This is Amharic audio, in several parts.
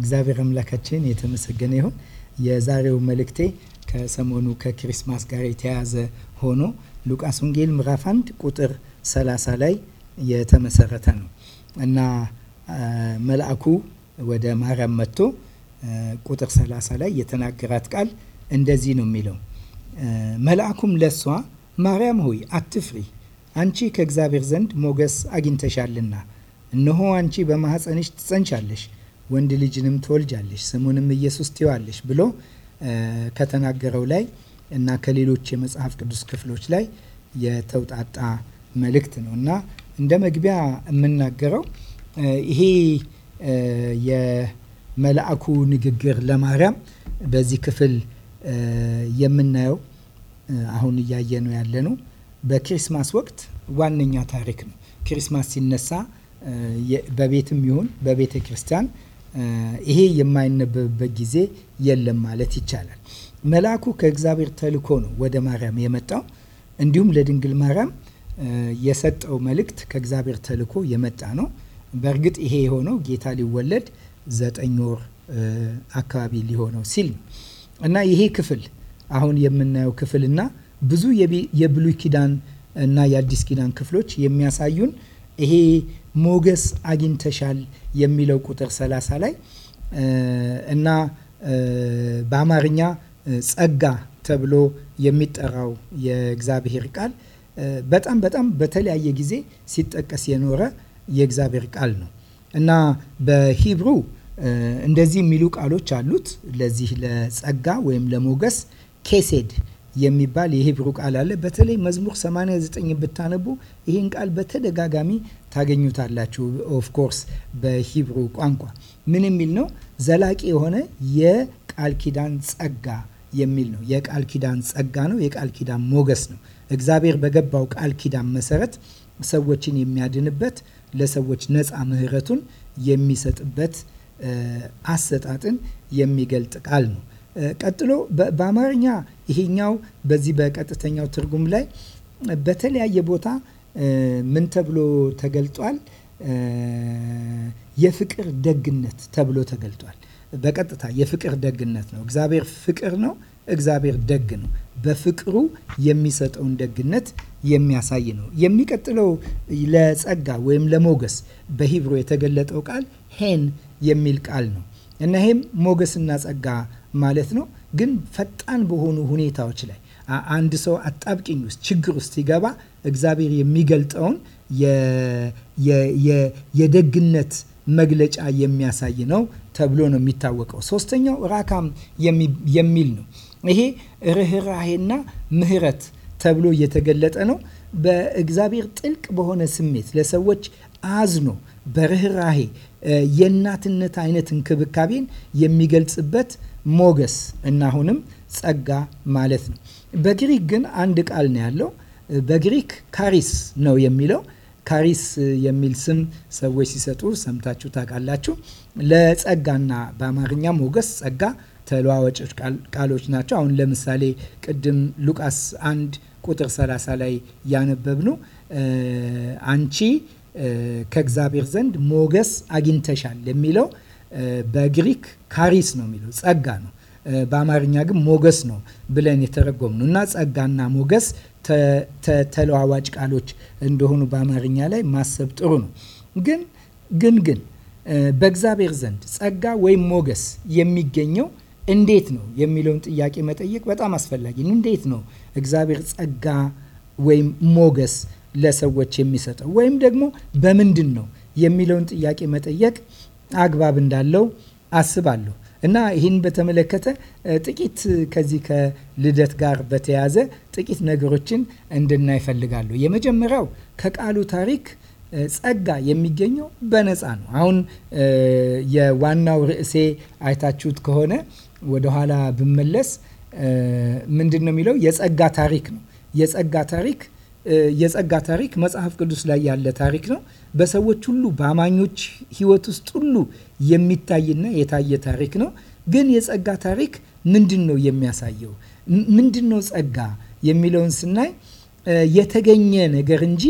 እግዚአብሔር አምላካችን የተመሰገነ ይሁን። የዛሬው መልእክቴ ከሰሞኑ ከክሪስማስ ጋር የተያያዘ ሆኖ ሉቃስ ወንጌል ምዕራፍ 1 ቁጥር 30 ላይ የተመሰረተ ነው እና መልአኩ ወደ ማርያም መጥቶ ቁጥር 30 ላይ የተናገራት ቃል እንደዚህ ነው የሚለው መልአኩም ለሷ ማርያም ሆይ አትፍሪ፣ አንቺ ከእግዚአብሔር ዘንድ ሞገስ አግኝተሻልና፣ እነሆ አንቺ በማኅፀንሽ ትጸንቻለሽ ወንድ ልጅንም ትወልጃለሽ ስሙንም ኢየሱስ ትይዋለሽ ብሎ ከተናገረው ላይ እና ከሌሎች የመጽሐፍ ቅዱስ ክፍሎች ላይ የተውጣጣ መልእክት ነው እና እንደ መግቢያ የምናገረው ይሄ የመልአኩ ንግግር ለማርያም በዚህ ክፍል የምናየው አሁን ያለ ያለነው በክሪስማስ ወቅት ዋነኛ ታሪክ ነው። ክሪስማስ ሲነሳ በቤትም ይሁን በቤተ ክርስቲያን ይሄ የማይነበብበት ጊዜ የለም ማለት ይቻላል። መልአኩ ከእግዚአብሔር ተልኮ ነው ወደ ማርያም የመጣው። እንዲሁም ለድንግል ማርያም የሰጠው መልእክት ከእግዚአብሔር ተልኮ የመጣ ነው። በእርግጥ ይሄ የሆነው ጌታ ሊወለድ ዘጠኝ ወር አካባቢ ሊሆነው ሲል እና ይሄ ክፍል አሁን የምናየው ክፍል እና ብዙ የብሉይ ኪዳን እና የአዲስ ኪዳን ክፍሎች የሚያሳዩን ይሄ ሞገስ አግኝተሻል የሚለው ቁጥር 30 ላይ እና በአማርኛ ጸጋ ተብሎ የሚጠራው የእግዚአብሔር ቃል በጣም በጣም በተለያየ ጊዜ ሲጠቀስ የኖረ የእግዚአብሔር ቃል ነው እና በሂብሩ እንደዚህ የሚሉ ቃሎች አሉት። ለዚህ ለጸጋ ወይም ለሞገስ ኬሴድ የሚባል የሂብሩ ቃል አለ። በተለይ መዝሙር 89 ብታነቡ ይህን ቃል በተደጋጋሚ ታገኙታላችሁ። ኦፍኮርስ በሂብሩ ቋንቋ ምን የሚል ነው? ዘላቂ የሆነ የቃል ኪዳን ጸጋ የሚል ነው። የቃል ኪዳን ጸጋ ነው። የቃል ኪዳን ሞገስ ነው። እግዚአብሔር በገባው ቃል ኪዳን መሰረት ሰዎችን የሚያድንበት ለሰዎች ነፃ ምህረቱን የሚሰጥበት አሰጣጥን የሚገልጥ ቃል ነው። ቀጥሎ በአማርኛ ይሄኛው በዚህ በቀጥተኛው ትርጉም ላይ በተለያየ ቦታ ምን ተብሎ ተገልጧል? የፍቅር ደግነት ተብሎ ተገልጧል። በቀጥታ የፍቅር ደግነት ነው። እግዚአብሔር ፍቅር ነው። እግዚአብሔር ደግ ነው። በፍቅሩ የሚሰጠውን ደግነት የሚያሳይ ነው። የሚቀጥለው ለጸጋ ወይም ለሞገስ በሂብሮ የተገለጠው ቃል ሄን የሚል ቃል ነው እና ይሄም ሞገስና ጸጋ ማለት ነው። ግን ፈጣን በሆኑ ሁኔታዎች ላይ አንድ ሰው አጣብቂኝ ውስጥ ችግር ውስጥ ሲገባ እግዚአብሔር የሚገልጠውን የደግነት መግለጫ የሚያሳይ ነው ተብሎ ነው የሚታወቀው። ሶስተኛው ራካም የሚል ነው። ይሄ ርኅራሄና ምሕረት ተብሎ እየተገለጠ ነው። በእግዚአብሔር ጥልቅ በሆነ ስሜት ለሰዎች አዝኖ በርኅራሄ የእናትነት አይነት እንክብካቤን የሚገልጽበት ሞገስ እና አሁንም ጸጋ ማለት ነው። በግሪክ ግን አንድ ቃል ነው ያለው። በግሪክ ካሪስ ነው የሚለው። ካሪስ የሚል ስም ሰዎች ሲሰጡ ሰምታችሁ ታውቃላችሁ። ለጸጋና በአማርኛ ሞገስ፣ ጸጋ ተለዋዋጭ ቃሎች ናቸው። አሁን ለምሳሌ ቅድም ሉቃስ አንድ ቁጥር 30 ላይ ያነበብነው አንቺ ከእግዚአብሔር ዘንድ ሞገስ አግኝተሻል የሚለው በግሪክ ካሪስ ነው የሚለው ጸጋ ነው። በአማርኛ ግን ሞገስ ነው ብለን የተረጎም ነው እና ጸጋና ሞገስ ተለዋዋጭ ቃሎች እንደሆኑ በአማርኛ ላይ ማሰብ ጥሩ ነው። ግን ግን ግን በእግዚአብሔር ዘንድ ጸጋ ወይም ሞገስ የሚገኘው እንዴት ነው የሚለውን ጥያቄ መጠየቅ በጣም አስፈላጊ ነው። እንዴት ነው እግዚአብሔር ጸጋ ወይም ሞገስ ለሰዎች የሚሰጠው ወይም ደግሞ በምንድን ነው የሚለውን ጥያቄ መጠየቅ አግባብ እንዳለው አስባለሁ እና ይህን በተመለከተ ጥቂት ከዚህ ከልደት ጋር በተያያዘ ጥቂት ነገሮችን እንድናይ የመጀመሪያው ከቃሉ ታሪክ ጸጋ የሚገኘው በነፃ ነው። አሁን የዋናው ርዕሴ አይታችሁት ከሆነ ወደኋላ ብመለስ ምንድን ነው የሚለው የጸጋ ታሪክ ነው። የጸጋ ታሪክ የጸጋ ታሪክ መጽሐፍ ቅዱስ ላይ ያለ ታሪክ ነው። በሰዎች ሁሉ በአማኞች ሕይወት ውስጥ ሁሉ የሚታይና የታየ ታሪክ ነው። ግን የጸጋ ታሪክ ምንድን ነው የሚያሳየው? ምንድን ነው ጸጋ የሚለውን ስናይ የተገኘ ነገር እንጂ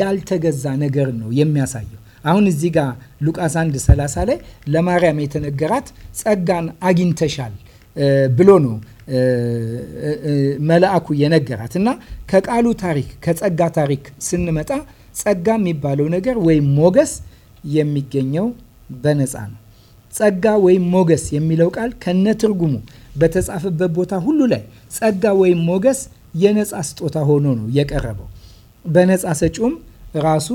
ያልተገዛ ነገር ነው የሚያሳየው። አሁን እዚህ ጋር ሉቃስ 1 30 ላይ ለማርያም የተነገራት ጸጋን አግኝተሻል ብሎ ነው መልአኩ የነገራት እና ከቃሉ ታሪክ ከጸጋ ታሪክ ስንመጣ ጸጋ የሚባለው ነገር ወይም ሞገስ የሚገኘው በነፃ ነው። ጸጋ ወይም ሞገስ የሚለው ቃል ከነ ትርጉሙ በተጻፈበት ቦታ ሁሉ ላይ ጸጋ ወይም ሞገስ የነፃ ስጦታ ሆኖ ነው የቀረበው። በነፃ ሰጪውም ራሱ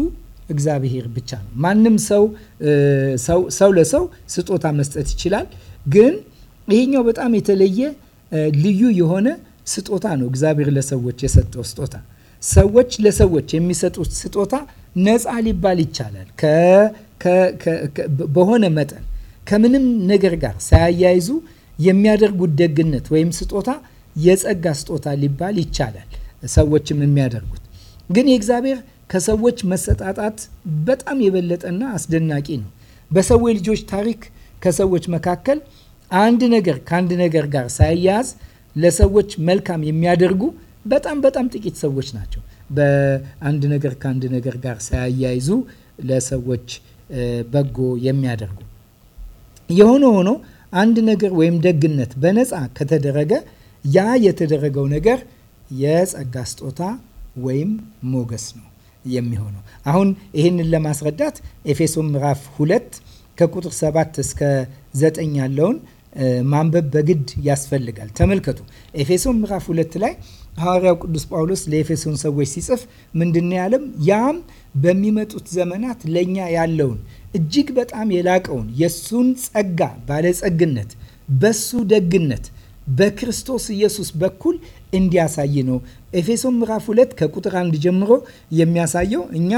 እግዚአብሔር ብቻ ነው። ማንም ሰው ሰው ለሰው ስጦታ መስጠት ይችላል። ግን ይሄኛው በጣም የተለየ ልዩ የሆነ ስጦታ ነው እግዚአብሔር ለሰዎች የሰጠው ስጦታ። ሰዎች ለሰዎች የሚሰጡት ስጦታ ነፃ ሊባል ይቻላል። በሆነ መጠን ከምንም ነገር ጋር ሳያያይዙ የሚያደርጉት ደግነት ወይም ስጦታ የጸጋ ስጦታ ሊባል ይቻላል። ሰዎችም የሚያደርጉት ግን የእግዚአብሔር ከሰዎች መሰጣጣት በጣም የበለጠና አስደናቂ ነው። በሰዎች ልጆች ታሪክ ከሰዎች መካከል አንድ ነገር ከአንድ ነገር ጋር ሳያያዝ ለሰዎች መልካም የሚያደርጉ በጣም በጣም ጥቂት ሰዎች ናቸው። በአንድ ነገር ከአንድ ነገር ጋር ሳያያይዙ ለሰዎች በጎ የሚያደርጉ። የሆነ ሆኖ አንድ ነገር ወይም ደግነት በነፃ ከተደረገ ያ የተደረገው ነገር የጸጋ ስጦታ ወይም ሞገስ ነው የሚሆነው። አሁን ይህንን ለማስረዳት ኤፌሶን ምዕራፍ ሁለት ከቁጥር ሰባት እስከ ዘጠኝ ያለውን ማንበብ በግድ ያስፈልጋል። ተመልከቱ ኤፌሶን ምዕራፍ ሁለት ላይ ሐዋርያው ቅዱስ ጳውሎስ ለኤፌሶን ሰዎች ሲጽፍ ምንድን ያለም? ያም በሚመጡት ዘመናት ለእኛ ያለውን እጅግ በጣም የላቀውን የሱን ጸጋ ባለጸግነት በሱ ደግነት በክርስቶስ ኢየሱስ በኩል እንዲያሳይ ነው ኤፌሶን ምዕራፍ 2 ከቁጥር 1 ጀምሮ የሚያሳየው እኛ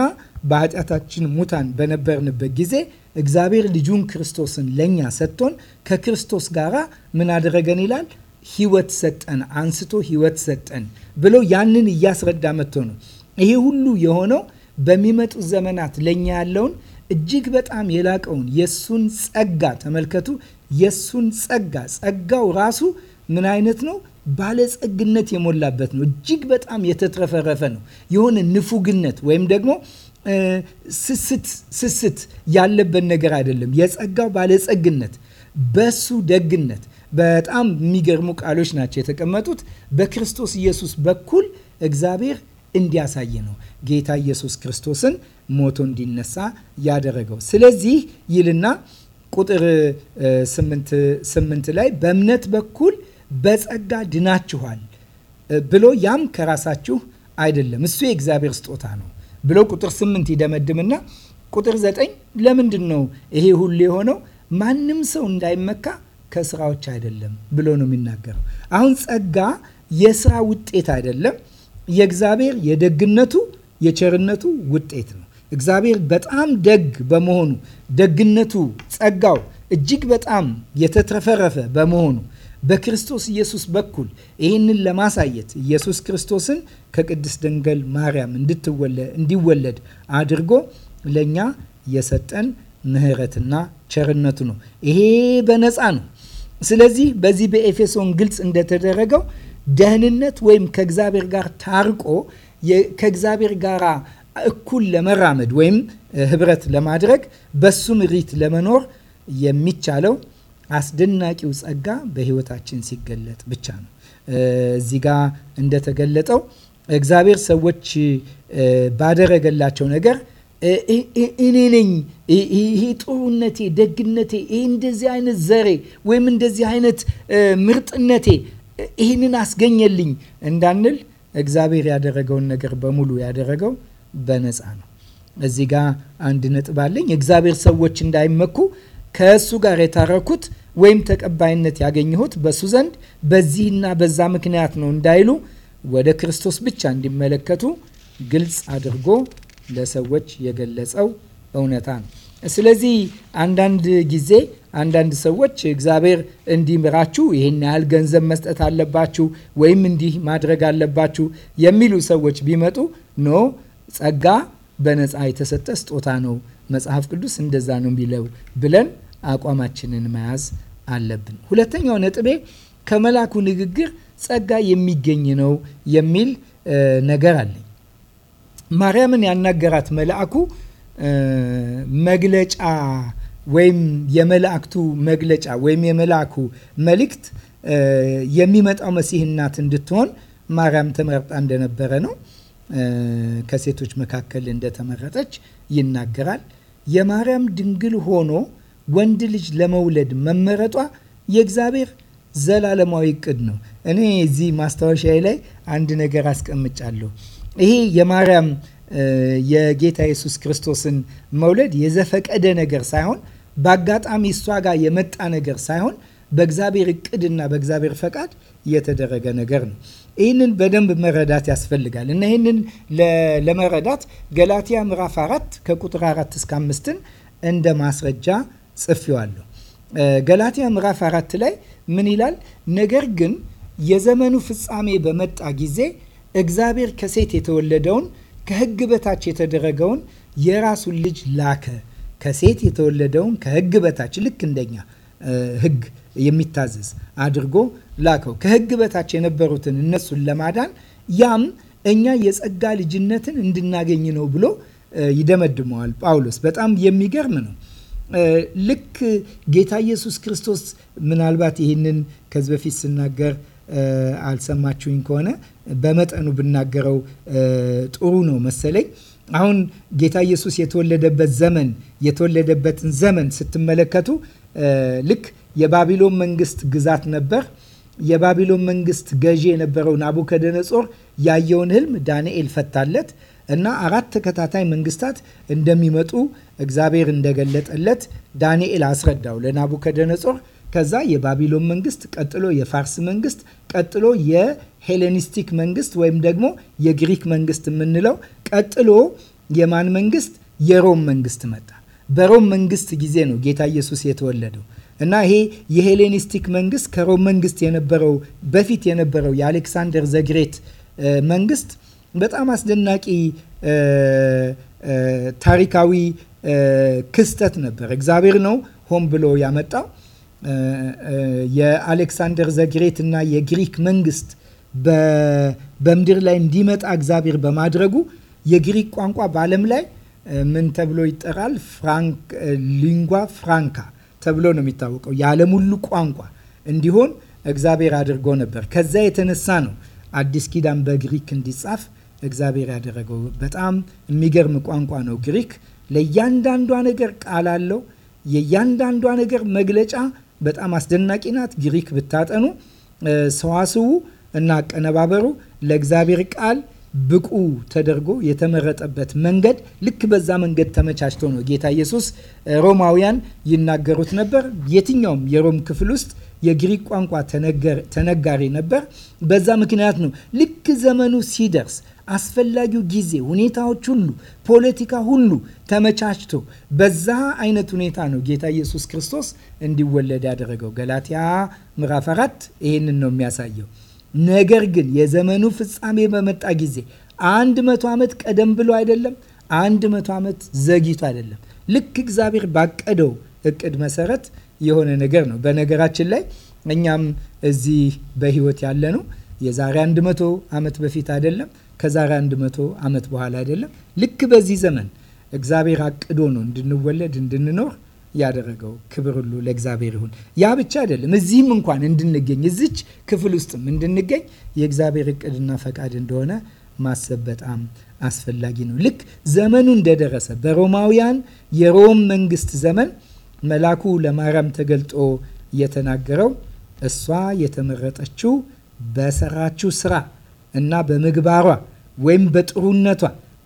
በኃጢአታችን ሙታን በነበርንበት ጊዜ እግዚአብሔር ልጁን ክርስቶስን ለእኛ ሰጥቶን ከክርስቶስ ጋራ ምን አደረገን ይላል ህይወት ሰጠን፣ አንስቶ ህይወት ሰጠን ብሎ ያንን እያስረዳ መጥቶ ነው። ይሄ ሁሉ የሆነው በሚመጡ ዘመናት ለእኛ ያለውን እጅግ በጣም የላቀውን የሱን ጸጋ ተመልከቱ። የሱን ጸጋ ጸጋው ራሱ ምን አይነት ነው? ባለጸግነት የሞላበት ነው። እጅግ በጣም የተትረፈረፈ ነው። የሆነ ንፉግነት ወይም ደግሞ ስስት ስስት ያለበት ነገር አይደለም። የጸጋው ባለጸግነት በሱ ደግነት በጣም የሚገርሙ ቃሎች ናቸው የተቀመጡት። በክርስቶስ ኢየሱስ በኩል እግዚአብሔር እንዲያሳይ ነው ጌታ ኢየሱስ ክርስቶስን ሞቶ እንዲነሳ ያደረገው። ስለዚህ ይልና ቁጥር ስምንት ላይ በእምነት በኩል በጸጋ ድናችኋል ብሎ ያም ከራሳችሁ አይደለም፣ እሱ የእግዚአብሔር ስጦታ ነው ብሎ ቁጥር ስምንት ይደመድምና ቁጥር ዘጠኝ ለምንድን ነው ይሄ ሁሉ የሆነው? ማንም ሰው እንዳይመካ ከስራዎች አይደለም ብሎ ነው የሚናገረው። አሁን ጸጋ የስራ ውጤት አይደለም፣ የእግዚአብሔር የደግነቱ የቸርነቱ ውጤት ነው። እግዚአብሔር በጣም ደግ በመሆኑ ደግነቱ ጸጋው እጅግ በጣም የተትረፈረፈ በመሆኑ በክርስቶስ ኢየሱስ በኩል ይህንን ለማሳየት ኢየሱስ ክርስቶስን ከቅድስት ድንግል ማርያም እንዲወለድ አድርጎ ለእኛ የሰጠን ምሕረትና ቸርነቱ ነው። ይሄ በነፃ ነው። ስለዚህ በዚህ በኤፌሶን ግልጽ እንደተደረገው ደህንነት ወይም ከእግዚአብሔር ጋር ታርቆ ከእግዚአብሔር ጋር እኩል ለመራመድ ወይም ህብረት ለማድረግ በሱም ሪት ለመኖር የሚቻለው አስደናቂው ጸጋ በህይወታችን ሲገለጥ ብቻ ነው። እዚህ ጋ እንደተገለጠው እግዚአብሔር ሰዎች ባደረገላቸው ነገር እኔ ነኝ ይሄ ጥሩነቴ፣ ደግነቴ፣ ይሄ እንደዚህ አይነት ዘሬ ወይም እንደዚህ አይነት ምርጥነቴ ይህንን አስገኘልኝ እንዳንል እግዚአብሔር ያደረገውን ነገር በሙሉ ያደረገው በነፃ ነው። እዚህ ጋ አንድ ነጥብ አለኝ። እግዚአብሔር ሰዎች እንዳይመኩ ከእሱ ጋር የታረኩት ወይም ተቀባይነት ያገኘሁት በእሱ ዘንድ በዚህና በዛ ምክንያት ነው እንዳይሉ ወደ ክርስቶስ ብቻ እንዲመለከቱ ግልጽ አድርጎ ለሰዎች የገለጸው እውነታ ነው። ስለዚህ አንዳንድ ጊዜ አንዳንድ ሰዎች እግዚአብሔር እንዲምራችሁ ይህን ያህል ገንዘብ መስጠት አለባችሁ ወይም እንዲህ ማድረግ አለባችሁ የሚሉ ሰዎች ቢመጡ ኖ ጸጋ በነፃ የተሰጠ ስጦታ ነው መጽሐፍ ቅዱስ እንደዛ ነው የሚለው ብለን አቋማችንን መያዝ አለብን። ሁለተኛው ነጥቤ ከመላኩ ንግግር ጸጋ የሚገኝ ነው የሚል ነገር አለኝ። ማርያምን ያናገራት መልአኩ መግለጫ ወይም የመላእክቱ መግለጫ ወይም የመልአኩ መልእክት የሚመጣው መሲህ እናት እንድትሆን ማርያም ተመርጣ እንደነበረ ነው። ከሴቶች መካከል እንደተመረጠች ይናገራል። የማርያም ድንግል ሆኖ ወንድ ልጅ ለመውለድ መመረጧ የእግዚአብሔር ዘላለማዊ እቅድ ነው። እኔ እዚህ ማስታወሻዬ ላይ አንድ ነገር አስቀምጫለሁ። ይሄ የማርያም የጌታ ኢየሱስ ክርስቶስን መውለድ የዘፈቀደ ነገር ሳይሆን በአጋጣሚ እሷ ጋር የመጣ ነገር ሳይሆን በእግዚአብሔር እቅድና በእግዚአብሔር ፈቃድ የተደረገ ነገር ነው። ይህንን በደንብ መረዳት ያስፈልጋል እና ይህንን ለመረዳት ገላትያ ምዕራፍ አራት ከቁጥር አራት እስከ አምስትን እንደ ማስረጃ ጽፌዋለሁ። ገላትያ ምዕራፍ አራት ላይ ምን ይላል? ነገር ግን የዘመኑ ፍጻሜ በመጣ ጊዜ እግዚአብሔር ከሴት የተወለደውን ከሕግ በታች የተደረገውን የራሱን ልጅ ላከ። ከሴት የተወለደውን ከሕግ በታች ልክ እንደኛ ሕግ የሚታዘዝ አድርጎ ላከው ከህግ በታች የነበሩትን እነሱን ለማዳን ያም እኛ የጸጋ ልጅነትን እንድናገኝ ነው ብሎ ይደመድመዋል ጳውሎስ። በጣም የሚገርም ነው። ልክ ጌታ ኢየሱስ ክርስቶስ ምናልባት ይህንን ከዚህ በፊት ስናገር አልሰማችሁኝ ከሆነ በመጠኑ ብናገረው ጥሩ ነው መሰለኝ። አሁን ጌታ ኢየሱስ የተወለደበት ዘመን የተወለደበትን ዘመን ስትመለከቱ ልክ የባቢሎን መንግስት ግዛት ነበር። የባቢሎን መንግስት ገዢ የነበረው ናቡከደነጾር ያየውን ህልም ዳንኤል ፈታለት እና አራት ተከታታይ መንግስታት እንደሚመጡ እግዚአብሔር እንደገለጠለት ዳንኤል አስረዳው ለናቡከደነጾር። ከዛ የባቢሎን መንግስት፣ ቀጥሎ የፋርስ መንግስት፣ ቀጥሎ የሄሌኒስቲክ መንግስት ወይም ደግሞ የግሪክ መንግስት የምንለው፣ ቀጥሎ የማን መንግስት? የሮም መንግስት መጣ። በሮም መንግስት ጊዜ ነው ጌታ ኢየሱስ የተወለደው። እና ይሄ የሄሌኒስቲክ መንግስት ከሮም መንግስት የነበረው በፊት የነበረው የአሌክሳንደር ዘግሬት መንግስት በጣም አስደናቂ ታሪካዊ ክስተት ነበር። እግዚአብሔር ነው ሆን ብሎ ያመጣው። የአሌክሳንደር ዘግሬት እና የግሪክ መንግስት በምድር ላይ እንዲመጣ እግዚአብሔር በማድረጉ የግሪክ ቋንቋ በዓለም ላይ ምን ተብሎ ይጠራል? ፍራንክ ሊንጓ ፍራንካ ተብሎ ነው የሚታወቀው። የዓለም ሁሉ ቋንቋ እንዲሆን እግዚአብሔር አድርጎ ነበር። ከዛ የተነሳ ነው አዲስ ኪዳን በግሪክ እንዲጻፍ እግዚአብሔር ያደረገው። በጣም የሚገርም ቋንቋ ነው ግሪክ። ለእያንዳንዷ ነገር ቃል አለው። የእያንዳንዷ ነገር መግለጫ በጣም አስደናቂ ናት። ግሪክ ብታጠኑ ሰዋስው እና አቀነባበሩ ለእግዚአብሔር ቃል ብቁ ተደርጎ የተመረጠበት መንገድ ልክ በዛ መንገድ ተመቻችቶ ነው ጌታ ኢየሱስ። ሮማውያን ይናገሩት ነበር። የትኛውም የሮም ክፍል ውስጥ የግሪክ ቋንቋ ተነጋሪ ነበር። በዛ ምክንያት ነው ልክ ዘመኑ ሲደርስ አስፈላጊው ጊዜ፣ ሁኔታዎች ሁሉ፣ ፖለቲካ ሁሉ ተመቻችቶ በዛ አይነት ሁኔታ ነው ጌታ ኢየሱስ ክርስቶስ እንዲወለድ ያደረገው። ገላትያ ምዕራፍ አራት ይህንን ነው የሚያሳየው። ነገር ግን የዘመኑ ፍጻሜ በመጣ ጊዜ አንድ መቶ ዓመት ቀደም ብሎ አይደለም፣ አንድ መቶ ዓመት ዘግይቶ አይደለም። ልክ እግዚአብሔር ባቀደው እቅድ መሰረት የሆነ ነገር ነው። በነገራችን ላይ እኛም እዚህ በህይወት ያለ ነው የዛሬ አንድ መቶ ዓመት በፊት አይደለም፣ ከዛሬ አንድ መቶ ዓመት በኋላ አይደለም። ልክ በዚህ ዘመን እግዚአብሔር አቅዶ ነው እንድንወለድ እንድንኖር ያደረገው ክብር ሁሉ ለእግዚአብሔር ይሁን። ያ ብቻ አይደለም። እዚህም እንኳን እንድንገኝ እዚች ክፍል ውስጥም እንድንገኝ የእግዚአብሔር እቅድና ፈቃድ እንደሆነ ማሰብ በጣም አስፈላጊ ነው። ልክ ዘመኑ እንደደረሰ በሮማውያን የሮም መንግስት ዘመን መልአኩ ለማርያም ተገልጦ የተናገረው እሷ የተመረጠችው በሰራችው ስራ እና በምግባሯ ወይም በጥሩነቷ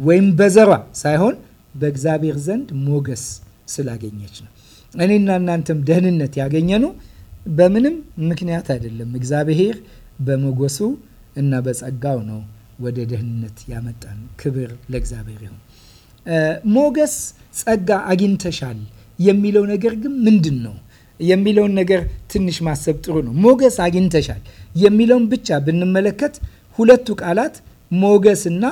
ወይም በዘሯ ሳይሆን በእግዚአብሔር ዘንድ ሞገስ ስላገኘች ነው። እኔና እናንተም ደህንነት ያገኘነው በምንም ምክንያት አይደለም። እግዚአብሔር በሞገሱ እና በጸጋው ነው ወደ ደህንነት ያመጣን። ክብር ለእግዚአብሔር ይሁን። ሞገስ፣ ጸጋ አግኝተሻል የሚለው ነገር ግን ምንድን ነው የሚለውን ነገር ትንሽ ማሰብ ጥሩ ነው። ሞገስ አግኝተሻል የሚለውን ብቻ ብንመለከት ሁለቱ ቃላት ሞገስና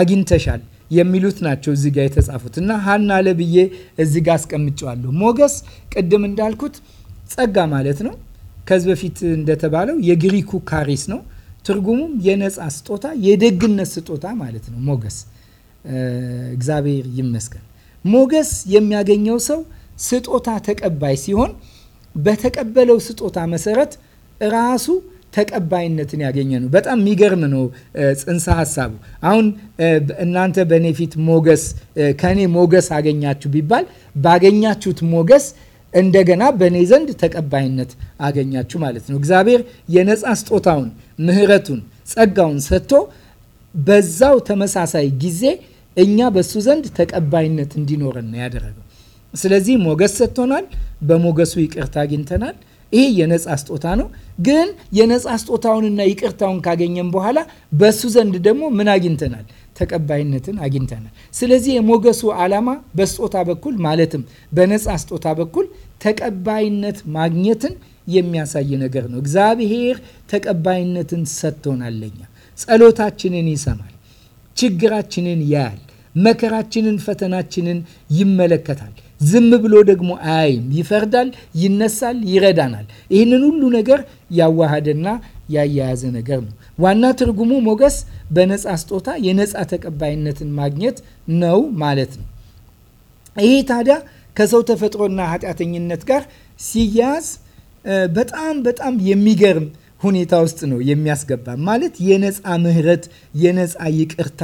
አግኝተሻል የሚሉት ናቸው እዚህ ጋር የተጻፉት እና ሀና ለብዬ እዚህ ጋር አስቀምጨዋለሁ። ሞገስ ቅድም እንዳልኩት ጸጋ ማለት ነው። ከዚህ በፊት እንደተባለው የግሪኩ ካሪስ ነው። ትርጉሙም የነፃ ስጦታ፣ የደግነት ስጦታ ማለት ነው። ሞገስ እግዚአብሔር ይመስገን። ሞገስ የሚያገኘው ሰው ስጦታ ተቀባይ ሲሆን በተቀበለው ስጦታ መሰረት ራሱ ተቀባይነትን ያገኘ ነው። በጣም የሚገርም ነው ጽንሰ ሀሳቡ። አሁን እናንተ በእኔ ፊት ሞገስ ከእኔ ሞገስ አገኛችሁ ቢባል ባገኛችሁት ሞገስ እንደገና በእኔ ዘንድ ተቀባይነት አገኛችሁ ማለት ነው። እግዚአብሔር የነፃ ስጦታውን፣ ምሕረቱን፣ ጸጋውን ሰጥቶ በዛው ተመሳሳይ ጊዜ እኛ በሱ ዘንድ ተቀባይነት እንዲኖረን ያደረገው። ስለዚህ ሞገስ ሰጥቶናል። በሞገሱ ይቅርታ አግኝተናል። ይህ የነጻ ስጦታ ነው። ግን የነፃ ስጦታውንና ይቅርታውን ካገኘን በኋላ በሱ ዘንድ ደግሞ ምን አግኝተናል? ተቀባይነትን አግኝተናል። ስለዚህ የሞገሱ ዓላማ በስጦታ በኩል ማለትም በነፃ ስጦታ በኩል ተቀባይነት ማግኘትን የሚያሳይ ነገር ነው። እግዚአብሔር ተቀባይነትን ሰጥቶናል። ለኛ ጸሎታችንን ይሰማል፣ ችግራችንን ያያል፣ መከራችንን፣ ፈተናችንን ይመለከታል። ዝም ብሎ ደግሞ አያይም። ይፈርዳል፣ ይነሳል፣ ይረዳናል። ይህንን ሁሉ ነገር ያዋሃደና ያያያዘ ነገር ነው። ዋና ትርጉሙ ሞገስ በነፃ ስጦታ የነፃ ተቀባይነትን ማግኘት ነው ማለት ነው። ይሄ ታዲያ ከሰው ተፈጥሮና ኃጢአተኝነት ጋር ሲያያዝ በጣም በጣም የሚገርም ሁኔታ ውስጥ ነው የሚያስገባ ማለት የነፃ ምህረት የነፃ ይቅርታ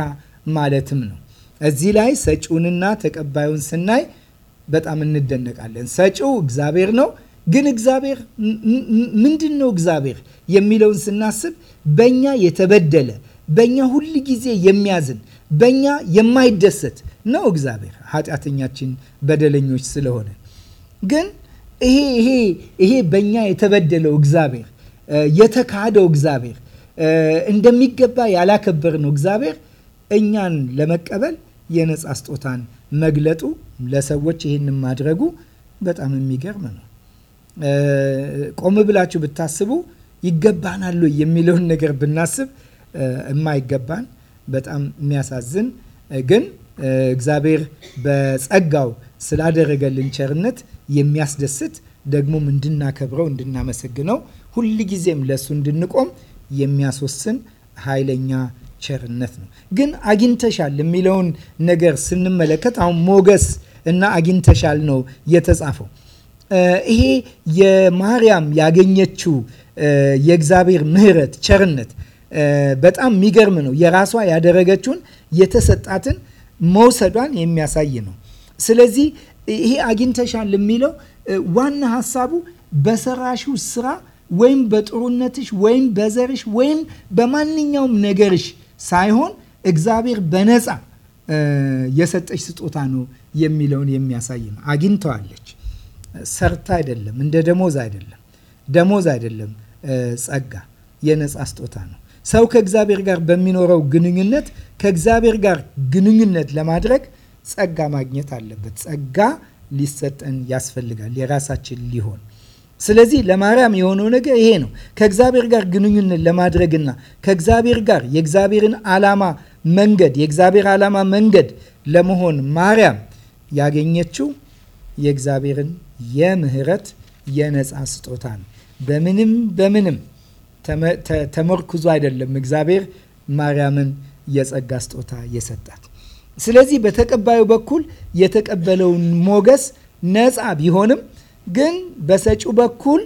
ማለትም ነው። እዚህ ላይ ሰጪውንና ተቀባዩን ስናይ በጣም እንደነቃለን። ሰጪው እግዚአብሔር ነው። ግን እግዚአብሔር ምንድን ነው? እግዚአብሔር የሚለውን ስናስብ በእኛ የተበደለ በእኛ ሁል ጊዜ የሚያዝን በእኛ የማይደሰት ነው እግዚአብሔር ኃጢአተኛችን በደለኞች ስለሆነ ግን ይሄ ይሄ ይሄ በእኛ የተበደለው እግዚአብሔር የተካደው እግዚአብሔር እንደሚገባ ያላከበር ነው እግዚአብሔር እኛን ለመቀበል የነፃ ስጦታን መግለጡ ለሰዎች ይህን ማድረጉ በጣም የሚገርም ነው። ቆም ብላችሁ ብታስቡ ይገባናሉ የሚለውን ነገር ብናስብ የማይገባን በጣም የሚያሳዝን ግን እግዚአብሔር በጸጋው ስላደረገልን ቸርነት የሚያስደስት ደግሞም እንድናከብረው እንድናመሰግነው ጊዜም ለእሱ እንድንቆም የሚያስወስን ኃይለኛ ቸርነት ነው። ግን አግኝተሻል የሚለውን ነገር ስንመለከት አሁን ሞገስ እና አግኝተሻል ነው የተጻፈው። ይሄ የማርያም ያገኘችው የእግዚአብሔር ምሕረት ቸርነት በጣም የሚገርም ነው። የራሷ ያደረገችውን የተሰጣትን መውሰዷን የሚያሳይ ነው። ስለዚህ ይሄ አግኝተሻል የሚለው ዋና ሀሳቡ በሰራሽው ስራ ወይም በጥሩነትሽ ወይም በዘርሽ ወይም በማንኛውም ነገርሽ ሳይሆን እግዚአብሔር በነፃ የሰጠች ስጦታ ነው የሚለውን የሚያሳይ ነው። አግኝተዋለች። ሰርታ አይደለም፣ እንደ ደሞዝ አይደለም፣ ደሞዝ አይደለም። ጸጋ የነፃ ስጦታ ነው። ሰው ከእግዚአብሔር ጋር በሚኖረው ግንኙነት ከእግዚአብሔር ጋር ግንኙነት ለማድረግ ጸጋ ማግኘት አለበት። ጸጋ ሊሰጠን ያስፈልጋል የራሳችን ሊሆን ስለዚህ ለማርያም የሆነው ነገር ይሄ ነው። ከእግዚአብሔር ጋር ግንኙነት ለማድረግና ከእግዚአብሔር ጋር የእግዚአብሔርን ዓላማ መንገድ የእግዚአብሔር ዓላማ መንገድ ለመሆን ማርያም ያገኘችው የእግዚአብሔርን የምህረት የነፃ ስጦታ ነው። በምንም በምንም ተመርኩዞ አይደለም እግዚአብሔር ማርያምን የጸጋ ስጦታ የሰጣት። ስለዚህ በተቀባዩ በኩል የተቀበለውን ሞገስ ነፃ ቢሆንም ግን በሰጪው በኩል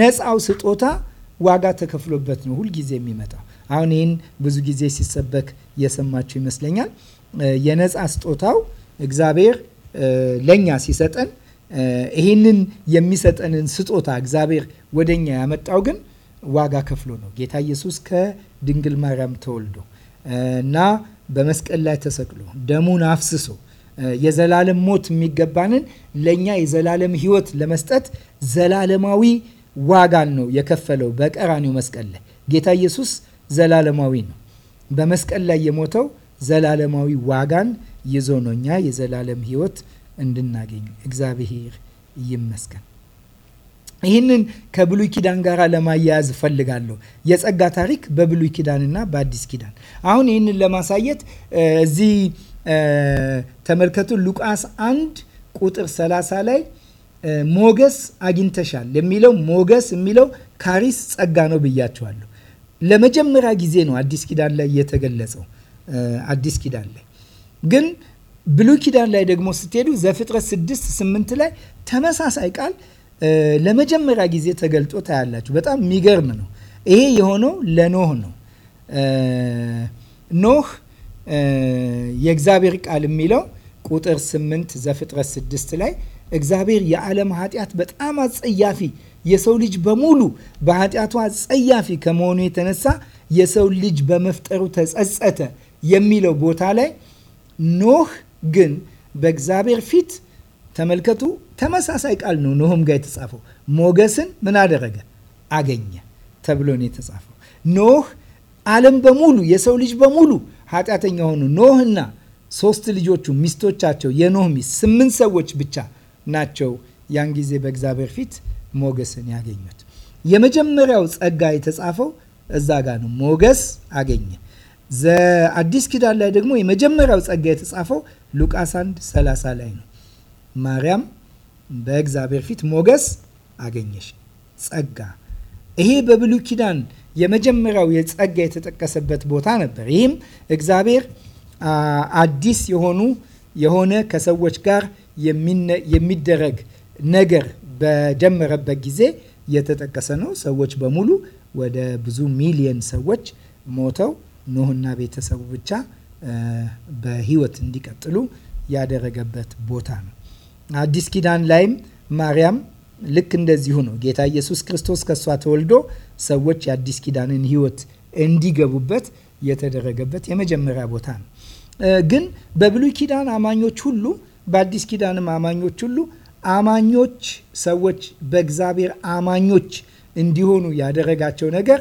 ነፃው ስጦታ ዋጋ ተከፍሎበት ነው ሁልጊዜ የሚመጣው። አሁን ይህን ብዙ ጊዜ ሲሰበክ የሰማችሁ ይመስለኛል። የነፃ ስጦታው እግዚአብሔር ለእኛ ሲሰጠን ይህንን የሚሰጠንን ስጦታ እግዚአብሔር ወደኛ ያመጣው ግን ዋጋ ከፍሎ ነው። ጌታ ኢየሱስ ከድንግል ማርያም ተወልዶ እና በመስቀል ላይ ተሰቅሎ ደሙን አፍስሶ የዘላለም ሞት የሚገባንን ለእኛ የዘላለም ህይወት ለመስጠት ዘላለማዊ ዋጋን ነው የከፈለው በቀራኒው መስቀል ላይ ጌታ ኢየሱስ ዘላለማዊ ነው። በመስቀል ላይ የሞተው ዘላለማዊ ዋጋን ይዞ ነው እኛ የዘላለም ህይወት እንድናገኝ። እግዚአብሔር ይመስገን። ይህንን ከብሉይ ኪዳን ጋር ለማያያዝ እፈልጋለሁ። የጸጋ ታሪክ በብሉይ ኪዳንና በአዲስ ኪዳን። አሁን ይህንን ለማሳየት እዚህ ተመልከቱ ሉቃስ አንድ ቁጥር 30 ላይ ሞገስ አግኝተሻል የሚለው ሞገስ የሚለው ካሪስ ጸጋ ነው ብያቸዋለሁ። ለመጀመሪያ ጊዜ ነው አዲስ ኪዳን ላይ የተገለጸው። አዲስ ኪዳን ላይ ግን ብሉይ ኪዳን ላይ ደግሞ ስትሄዱ ዘፍጥረት 6 8 ላይ ተመሳሳይ ቃል ለመጀመሪያ ጊዜ ተገልጦ ታያላችሁ። በጣም የሚገርም ነው። ይሄ የሆነው ለኖህ ነው። ኖህ የእግዚአብሔር ቃል የሚለው ቁጥር 8 ዘፍጥረት 6 ላይ እግዚአብሔር የዓለም ኃጢአት በጣም አጸያፊ የሰው ልጅ በሙሉ በኃጢአቱ አጸያፊ ከመሆኑ የተነሳ የሰው ልጅ በመፍጠሩ ተጸጸተ የሚለው ቦታ ላይ ኖህ ግን በእግዚአብሔር ፊት ተመልከቱ፣ ተመሳሳይ ቃል ነው ኖህም ጋር የተጻፈው። ሞገስን ምን አደረገ? አገኘ ተብሎ ነው የተጻፈው። ኖህ ዓለም በሙሉ የሰው ልጅ በሙሉ ኃጢአተኛ ሆኑ። ኖህና ሶስት ልጆቹ ሚስቶቻቸው፣ የኖህ ሚስት ስምንት ሰዎች ብቻ ናቸው ያን ጊዜ በእግዚአብሔር ፊት ሞገስን ያገኙት። የመጀመሪያው ጸጋ የተጻፈው እዛ ጋ ነው፣ ሞገስ አገኘ። አዲስ ኪዳን ላይ ደግሞ የመጀመሪያው ጸጋ የተጻፈው ሉቃስ 1 30 ላይ ነው። ማርያም በእግዚአብሔር ፊት ሞገስ አገኘሽ ጸጋ። ይሄ በብሉይ ኪዳን የመጀመሪያው የጸጋ የተጠቀሰበት ቦታ ነበር። ይህም እግዚአብሔር አዲስ የሆኑ የሆነ ከሰዎች ጋር የሚደረግ ነገር በጀመረበት ጊዜ የተጠቀሰ ነው። ሰዎች በሙሉ ወደ ብዙ ሚሊየን ሰዎች ሞተው ኖህና ቤተሰቡ ብቻ በህይወት እንዲቀጥሉ ያደረገበት ቦታ ነው። አዲስ ኪዳን ላይም ማርያም ልክ እንደዚሁ ነው። ጌታ ኢየሱስ ክርስቶስ ከእሷ ተወልዶ ሰዎች የአዲስ ኪዳንን ህይወት እንዲገቡበት የተደረገበት የመጀመሪያ ቦታ ነው። ግን በብሉይ ኪዳን አማኞች ሁሉ በአዲስ ኪዳንም አማኞች ሁሉ አማኞች ሰዎች በእግዚአብሔር አማኞች እንዲሆኑ ያደረጋቸው ነገር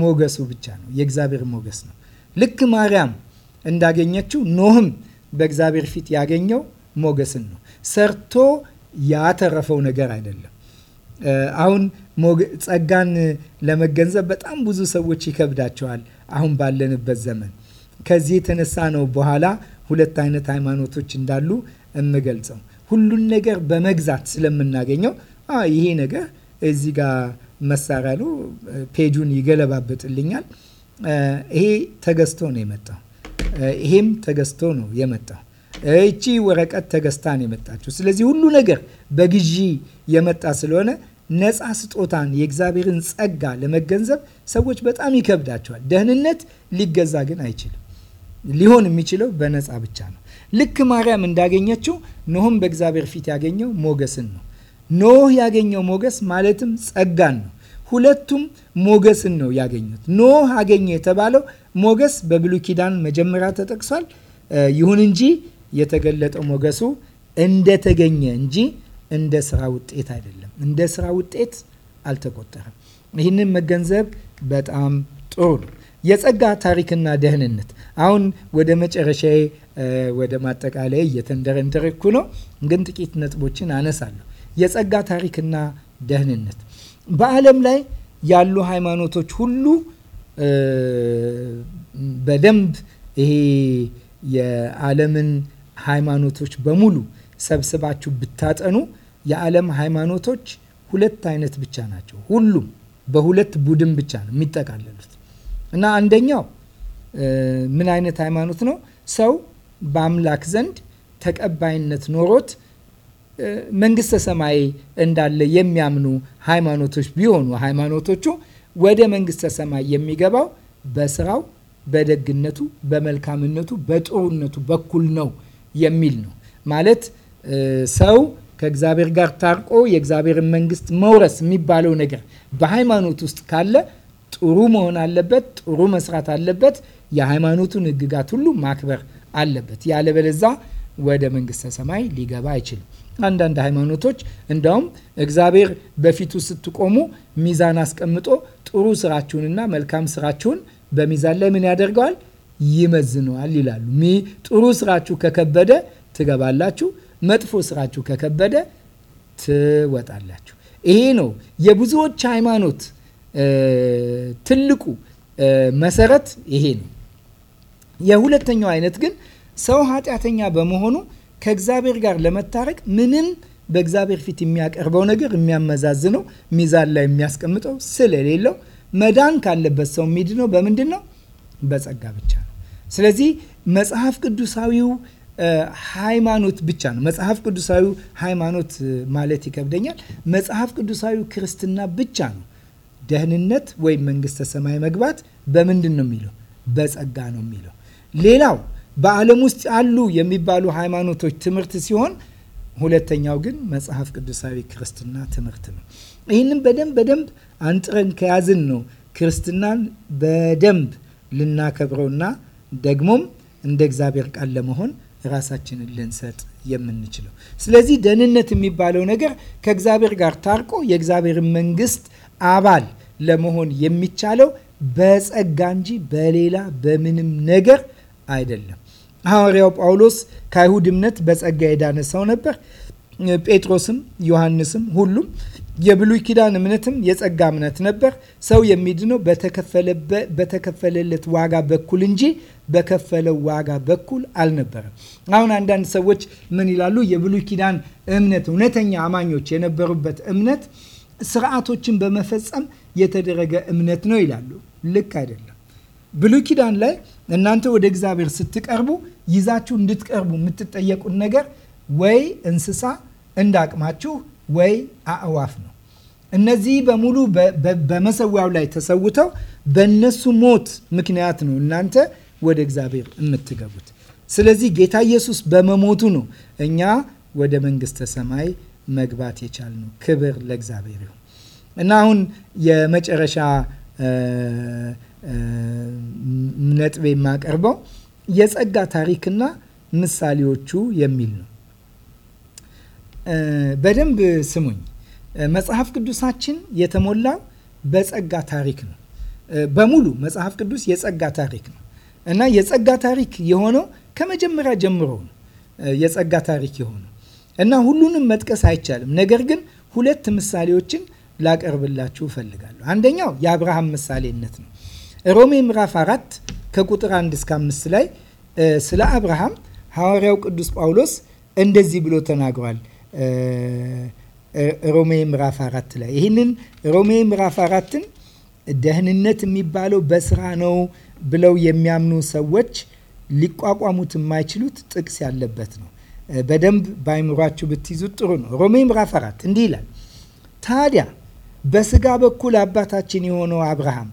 ሞገሱ ብቻ ነው። የእግዚአብሔር ሞገስ ነው። ልክ ማርያም እንዳገኘችው ኖህም በእግዚአብሔር ፊት ያገኘው ሞገስን ነው። ሰርቶ ያተረፈው ነገር አይደለም። አሁን ጸጋን ለመገንዘብ በጣም ብዙ ሰዎች ይከብዳቸዋል። አሁን ባለንበት ዘመን ከዚህ የተነሳ ነው በኋላ ሁለት አይነት ሃይማኖቶች እንዳሉ የምገልጸው። ሁሉን ነገር በመግዛት ስለምናገኘው ይሄ ነገር እዚህ ጋር መሳሪያ ነው፣ ፔጁን ይገለባብጥልኛል። ይሄ ተገዝቶ ነው የመጣው፣ ይሄም ተገዝቶ ነው የመጣው እቺ ወረቀት ተገስታን የመጣችው። ስለዚህ ሁሉ ነገር በግዢ የመጣ ስለሆነ ነፃ ስጦታን የእግዚአብሔርን ጸጋ ለመገንዘብ ሰዎች በጣም ይከብዳቸዋል። ደህንነት ሊገዛ ግን አይችልም። ሊሆን የሚችለው በነፃ ብቻ ነው። ልክ ማርያም እንዳገኘችው ኖህም በእግዚአብሔር ፊት ያገኘው ሞገስን ነው። ኖህ ያገኘው ሞገስ ማለትም ጸጋን ነው። ሁለቱም ሞገስን ነው ያገኙት። ኖህ አገኘ የተባለው ሞገስ በብሉይ ኪዳን መጀመሪያ ተጠቅሷል። ይሁን እንጂ የተገለጠው ሞገሱ እንደተገኘ እንጂ እንደ ስራ ውጤት አይደለም። እንደ ስራ ውጤት አልተቆጠረም። ይህንን መገንዘብ በጣም ጥሩ ነው። የጸጋ ታሪክና ደህንነት። አሁን ወደ መጨረሻ ወደ ማጠቃለያ እየተንደረንደረኩ ነው፣ ግን ጥቂት ነጥቦችን አነሳለሁ። የጸጋ ታሪክና ደህንነት በዓለም ላይ ያሉ ሃይማኖቶች ሁሉ በደንብ ይሄ የዓለምን ሃይማኖቶች በሙሉ ሰብስባችሁ ብታጠኑ የዓለም ሃይማኖቶች ሁለት አይነት ብቻ ናቸው። ሁሉም በሁለት ቡድን ብቻ ነው የሚጠቃለሉት እና አንደኛው ምን አይነት ሃይማኖት ነው? ሰው በአምላክ ዘንድ ተቀባይነት ኖሮት መንግስተ ሰማይ እንዳለ የሚያምኑ ሃይማኖቶች ቢሆኑ ሃይማኖቶቹ ወደ መንግስተ ሰማይ የሚገባው በስራው፣ በደግነቱ፣ በመልካምነቱ፣ በጥሩነቱ በኩል ነው የሚል ነው። ማለት ሰው ከእግዚአብሔር ጋር ታርቆ የእግዚአብሔርን መንግስት መውረስ የሚባለው ነገር በሃይማኖት ውስጥ ካለ ጥሩ መሆን አለበት፣ ጥሩ መስራት አለበት፣ የሃይማኖቱን ህግጋት ሁሉ ማክበር አለበት። ያለበለዛ ወደ መንግስተ ሰማይ ሊገባ አይችልም። አንዳንድ ሃይማኖቶች እንዳውም እግዚአብሔር በፊቱ ስትቆሙ ሚዛን አስቀምጦ ጥሩ ስራችሁንና መልካም ስራችሁን በሚዛን ላይ ምን ያደርገዋል ይመዝነዋል ይላሉ። ጥሩ ስራችሁ ከከበደ ትገባላችሁ፣ መጥፎ ስራችሁ ከከበደ ትወጣላችሁ። ይሄ ነው የብዙዎች ሃይማኖት ትልቁ መሰረት ይሄ ነው። የሁለተኛው አይነት ግን ሰው ኃጢአተኛ በመሆኑ ከእግዚአብሔር ጋር ለመታረቅ ምንም በእግዚአብሔር ፊት የሚያቀርበው ነገር የሚያመዛዝነው ሚዛን ላይ የሚያስቀምጠው ስለሌለው መዳን ካለበት ሰው የሚድነው በምንድን ነው? በጸጋ ብቻ ነው። ስለዚህ መጽሐፍ ቅዱሳዊው ሃይማኖት ብቻ ነው። መጽሐፍ ቅዱሳዊው ሃይማኖት ማለት ይከብደኛል። መጽሐፍ ቅዱሳዊው ክርስትና ብቻ ነው ደህንነት ወይም መንግስተ ሰማይ መግባት በምንድን ነው የሚለው? በጸጋ ነው የሚለው። ሌላው በዓለም ውስጥ አሉ የሚባሉ ሃይማኖቶች ትምህርት ሲሆን ሁለተኛው ግን መጽሐፍ ቅዱሳዊ ክርስትና ትምህርት ነው። ይህንም በደንብ በደንብ አንጥረን ከያዝን ነው ክርስትናን በደንብ ልናከብረውና ደግሞም እንደ እግዚአብሔር ቃል ለመሆን ራሳችንን ልንሰጥ የምንችለው። ስለዚህ ደህንነት የሚባለው ነገር ከእግዚአብሔር ጋር ታርቆ የእግዚአብሔር መንግስት አባል ለመሆን የሚቻለው በጸጋ እንጂ በሌላ በምንም ነገር አይደለም። ሐዋርያው ጳውሎስ ከአይሁድ እምነት በጸጋ የዳነ ሰው ነበር። ጴጥሮስም ዮሐንስም ሁሉም የብሉይ ኪዳን እምነትም የጸጋ እምነት ነበር። ሰው የሚድነው በተከፈለለት ዋጋ በኩል እንጂ በከፈለው ዋጋ በኩል አልነበረም። አሁን አንዳንድ ሰዎች ምን ይላሉ? የብሉይ ኪዳን እምነት እውነተኛ አማኞች የነበሩበት እምነት ስርዓቶችን በመፈጸም የተደረገ እምነት ነው ይላሉ። ልክ አይደለም። ብሉይ ኪዳን ላይ እናንተ ወደ እግዚአብሔር ስትቀርቡ ይዛችሁ እንድትቀርቡ የምትጠየቁት ነገር ወይ እንስሳ እንዳቅማችሁ ወይ አእዋፍ ነው። እነዚህ በሙሉ በመሰዊያው ላይ ተሰውተው በእነሱ ሞት ምክንያት ነው እናንተ ወደ እግዚአብሔር የምትገቡት። ስለዚህ ጌታ ኢየሱስ በመሞቱ ነው እኛ ወደ መንግስተ ሰማይ መግባት የቻልነው። ክብር ለእግዚአብሔር ይሁን እና አሁን የመጨረሻ ነጥቤ የማቀርበው የጸጋ ታሪክና ምሳሌዎቹ የሚል ነው። በደንብ ስሙኝ። መጽሐፍ ቅዱሳችን የተሞላው በጸጋ ታሪክ ነው። በሙሉ መጽሐፍ ቅዱስ የጸጋ ታሪክ ነው እና የጸጋ ታሪክ የሆነው ከመጀመሪያ ጀምሮ ነው የጸጋ ታሪክ የሆነው እና ሁሉንም መጥቀስ አይቻልም። ነገር ግን ሁለት ምሳሌዎችን ላቀርብላችሁ እፈልጋለሁ። አንደኛው የአብርሃም ምሳሌነት ነው። ሮሜ ምዕራፍ አራት ከቁጥር አንድ እስከ አምስት ላይ ስለ አብርሃም ሐዋርያው ቅዱስ ጳውሎስ እንደዚህ ብሎ ተናግሯል። ሮሜ ምዕራፍ አራት ላይ ይህንን ሮሜ ምዕራፍ አራትን ደህንነት የሚባለው በስራ ነው ብለው የሚያምኑ ሰዎች ሊቋቋሙት የማይችሉት ጥቅስ ያለበት ነው። በደንብ በአይምሯችሁ ብትይዙት ጥሩ ነው። ሮሜ ምዕራፍ አራት እንዲህ ይላል፣ ታዲያ በስጋ በኩል አባታችን የሆነው አብርሃም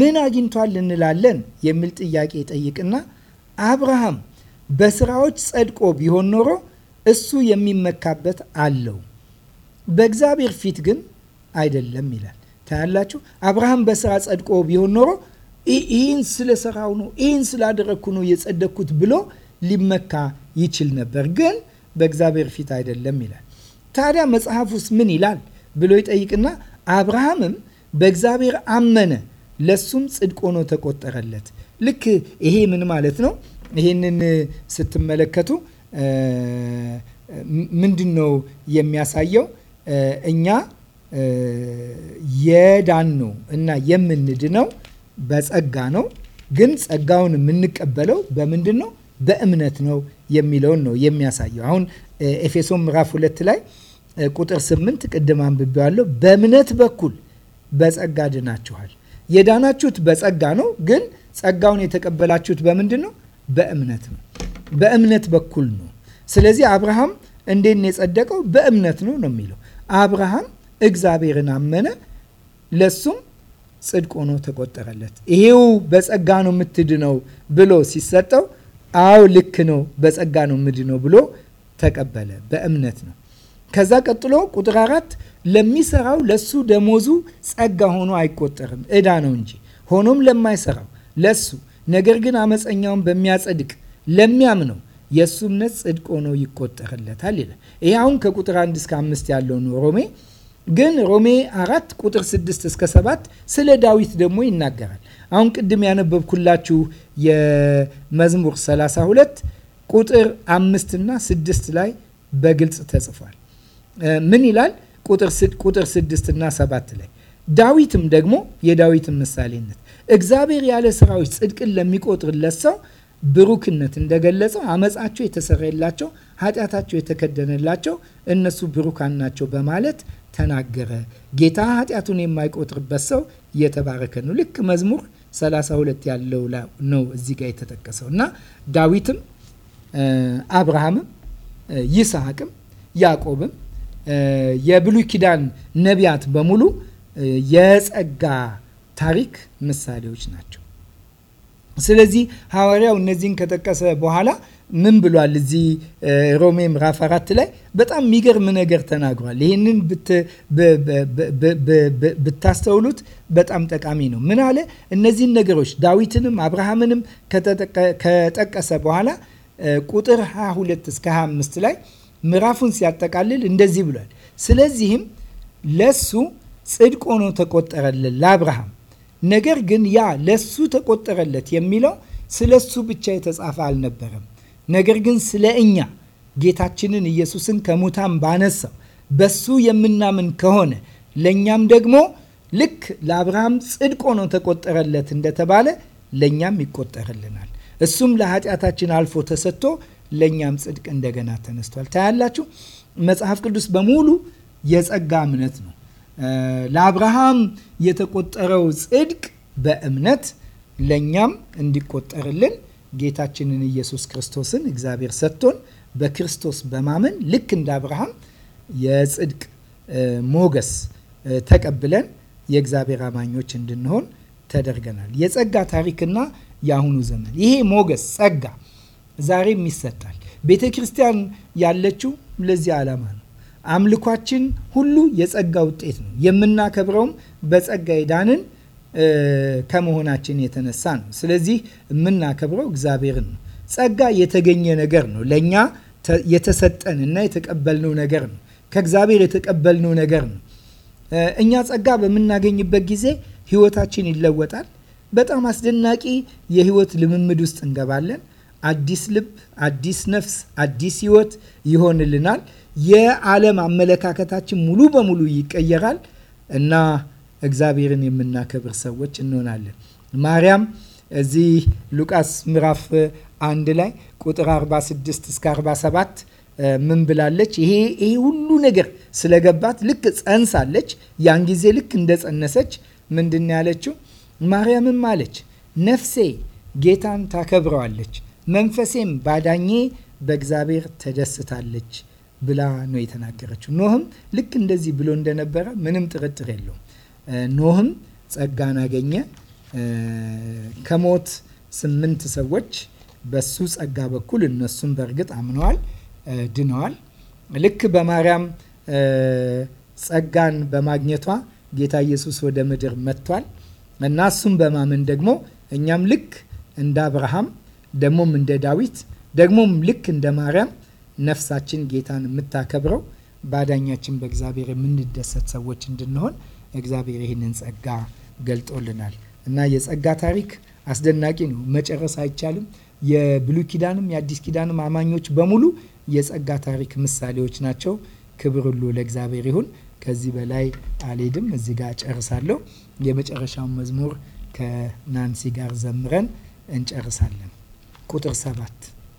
ምን አግኝቷል እንላለን የሚል ጥያቄ ጠይቅና አብርሃም በስራዎች ጸድቆ ቢሆን ኖሮ እሱ የሚመካበት አለው፣ በእግዚአብሔር ፊት ግን አይደለም ይላል። ታያላችሁ፣ አብርሃም በስራ ጸድቆ ቢሆን ኖሮ ይህን ስለሰራው ነው ይህን ስላደረግኩ ነው የጸደቅኩት ብሎ ሊመካ ይችል ነበር፣ ግን በእግዚአብሔር ፊት አይደለም ይላል። ታዲያ መጽሐፍ ውስጥ ምን ይላል ብሎ ይጠይቅና አብርሃምም በእግዚአብሔር አመነ፣ ለሱም ጽድቅ ሆኖ ተቆጠረለት። ልክ ይሄ ምን ማለት ነው? ይህንን ስትመለከቱ ምንድን ነው የሚያሳየው? እኛ የዳን ነው እና የምንድነው በጸጋ ነው። ግን ጸጋውን የምንቀበለው በምንድን ነው? በእምነት ነው የሚለውን ነው የሚያሳየው። አሁን ኤፌሶን ምዕራፍ ሁለት ላይ ቁጥር ስምንት ቅድም አንብቤዋለሁ። በእምነት በኩል በጸጋ ድናችኋል። የዳናችሁት በጸጋ ነው፣ ግን ጸጋውን የተቀበላችሁት በምንድን ነው? በእምነት ነው። በእምነት በኩል ነው። ስለዚህ አብርሃም እንዴት ነው የጸደቀው? በእምነት ነው ነው የሚለው አብርሃም እግዚአብሔርን አመነ ለሱም ጽድቅ ሆኖ ተቆጠረለት። ይሄው በጸጋ ነው የምትድነው ብሎ ሲሰጠው አዎ ልክ ነው በጸጋ ነው የምድነው ብሎ ተቀበለ። በእምነት ነው። ከዛ ቀጥሎ ቁጥር አራት ለሚሰራው ለሱ ደሞዙ ጸጋ ሆኖ አይቆጠርም እዳ ነው እንጂ ሆኖም ለማይሰራው ለሱ ነገር ግን አመፀኛውን በሚያጸድቅ ለሚያምነው የእሱ እምነት ጽድቅ ሆኖ ይቆጠርለታል ይላል። ይህ አሁን ከቁጥር አንድ እስከ አምስት ያለው ነው ሮሜ ግን ሮሜ አራት ቁጥር ስድስት እስከ ሰባት ስለ ዳዊት ደግሞ ይናገራል። አሁን ቅድም ያነበብኩላችሁ የመዝሙር 32 ቁጥር አምስት እና ስድስት ላይ በግልጽ ተጽፏል። ምን ይላል? ቁጥር ስድስት እና ሰባት ላይ ዳዊትም ደግሞ የዳዊትን ምሳሌነት እግዚአብሔር ያለ ስራዎች ጽድቅን ለሚቆጥርለት ሰው ብሩክነት እንደገለጸው አመፃቸው የተሰረየላቸው ኃጢአታቸው የተከደነላቸው እነሱ ብሩካን ናቸው በማለት ተናገረ። ጌታ ኃጢአቱን የማይቆጥርበት ሰው እየተባረከ ነው። ልክ መዝሙር 32 ያለው ነው እዚህ ጋር የተጠቀሰው እና ዳዊትም አብርሃምም ይስሐቅም ያዕቆብም የብሉይ ኪዳን ነቢያት በሙሉ የጸጋ ታሪክ ምሳሌዎች ናቸው። ስለዚህ ሐዋርያው እነዚህን ከጠቀሰ በኋላ ምን ብሏል? እዚህ ሮሜ ምዕራፍ አራት ላይ በጣም የሚገርም ነገር ተናግሯል። ይህንን ብታስተውሉት በጣም ጠቃሚ ነው። ምን አለ? እነዚህን ነገሮች ዳዊትንም አብርሃምንም ከጠቀሰ በኋላ ቁጥር 22 እስከ 25 ላይ ምዕራፉን ሲያጠቃልል እንደዚህ ብሏል። ስለዚህም ለሱ ጽድቅ ሆኖ ተቆጠረልን ለአብርሃም ነገር ግን ያ ለሱ ተቆጠረለት የሚለው ስለ እሱ ብቻ የተጻፈ አልነበረም። ነገር ግን ስለ እኛ ጌታችንን ኢየሱስን ከሙታን ባነሳው በሱ የምናምን ከሆነ ለእኛም ደግሞ ልክ ለአብርሃም ጽድቅ ሆኖ ተቆጠረለት እንደተባለ ለእኛም ይቆጠርልናል። እሱም ለኃጢአታችን አልፎ ተሰጥቶ ለእኛም ጽድቅ እንደገና ተነስቷል። ታያላችሁ፣ መጽሐፍ ቅዱስ በሙሉ የጸጋ እምነት ነው። ለአብርሃም የተቆጠረው ጽድቅ በእምነት ለእኛም እንዲቆጠርልን ጌታችንን ኢየሱስ ክርስቶስን እግዚአብሔር ሰጥቶን በክርስቶስ በማመን ልክ እንደ አብርሃም የጽድቅ ሞገስ ተቀብለን የእግዚአብሔር አማኞች እንድንሆን ተደርገናል። የጸጋ ታሪክና የአሁኑ ዘመን ይሄ ሞገስ ጸጋ ዛሬም ይሰጣል። ቤተ ክርስቲያን ያለችው ለዚህ ዓላማ ነው። አምልኳችን ሁሉ የጸጋ ውጤት ነው። የምናከብረውም በጸጋ የዳንን ከመሆናችን የተነሳ ነው። ስለዚህ የምናከብረው እግዚአብሔርን ነው። ጸጋ የተገኘ ነገር ነው። ለእኛ የተሰጠን እና የተቀበልነው ነገር ነው። ከእግዚአብሔር የተቀበልነው ነገር ነው። እኛ ጸጋ በምናገኝበት ጊዜ ህይወታችን ይለወጣል። በጣም አስደናቂ የህይወት ልምምድ ውስጥ እንገባለን። አዲስ ልብ፣ አዲስ ነፍስ፣ አዲስ ህይወት ይሆንልናል። የዓለም አመለካከታችን ሙሉ በሙሉ ይቀየራል እና እግዚአብሔርን የምናከብር ሰዎች እንሆናለን። ማርያም እዚህ ሉቃስ ምዕራፍ አንድ ላይ ቁጥር 46 እስከ 47 ምን ብላለች? ይሄ ይሄ ሁሉ ነገር ስለገባት ልክ ጸንሳለች። ያን ጊዜ ልክ እንደ ጸነሰች ምንድን ያለችው? ማርያምም አለች ነፍሴ ጌታን ታከብረዋለች፣ መንፈሴም ባዳኜ በእግዚአብሔር ተደስታለች ብላ ነው የተናገረችው። ኖህም ልክ እንደዚህ ብሎ እንደነበረ ምንም ጥርጥር የለውም። ኖህም ጸጋን አገኘ። ከሞት ስምንት ሰዎች በሱ ጸጋ በኩል እነሱም በእርግጥ አምነዋል፣ ድነዋል። ልክ በማርያም ጸጋን በማግኘቷ ጌታ ኢየሱስ ወደ ምድር መጥቷል እና እሱም በማመን ደግሞ እኛም ልክ እንደ አብርሃም ደግሞም እንደ ዳዊት ደግሞም ልክ እንደ ማርያም ነፍሳችን ጌታን የምታከብረው በአዳኛችን በእግዚአብሔር የምንደሰት ሰዎች እንድንሆን እግዚአብሔር ይህንን ጸጋ ገልጦልናል እና የጸጋ ታሪክ አስደናቂ ነው። መጨረስ አይቻልም። የብሉይ ኪዳንም የአዲስ ኪዳንም አማኞች በሙሉ የጸጋ ታሪክ ምሳሌዎች ናቸው። ክብር ሁሉ ለእግዚአብሔር ይሁን። ከዚህ በላይ አልሄድም። እዚህ ጋር ጨርሳለሁ። የመጨረሻውን መዝሙር ከናንሲ ጋር ዘምረን እንጨርሳለን። ቁጥር ሰባት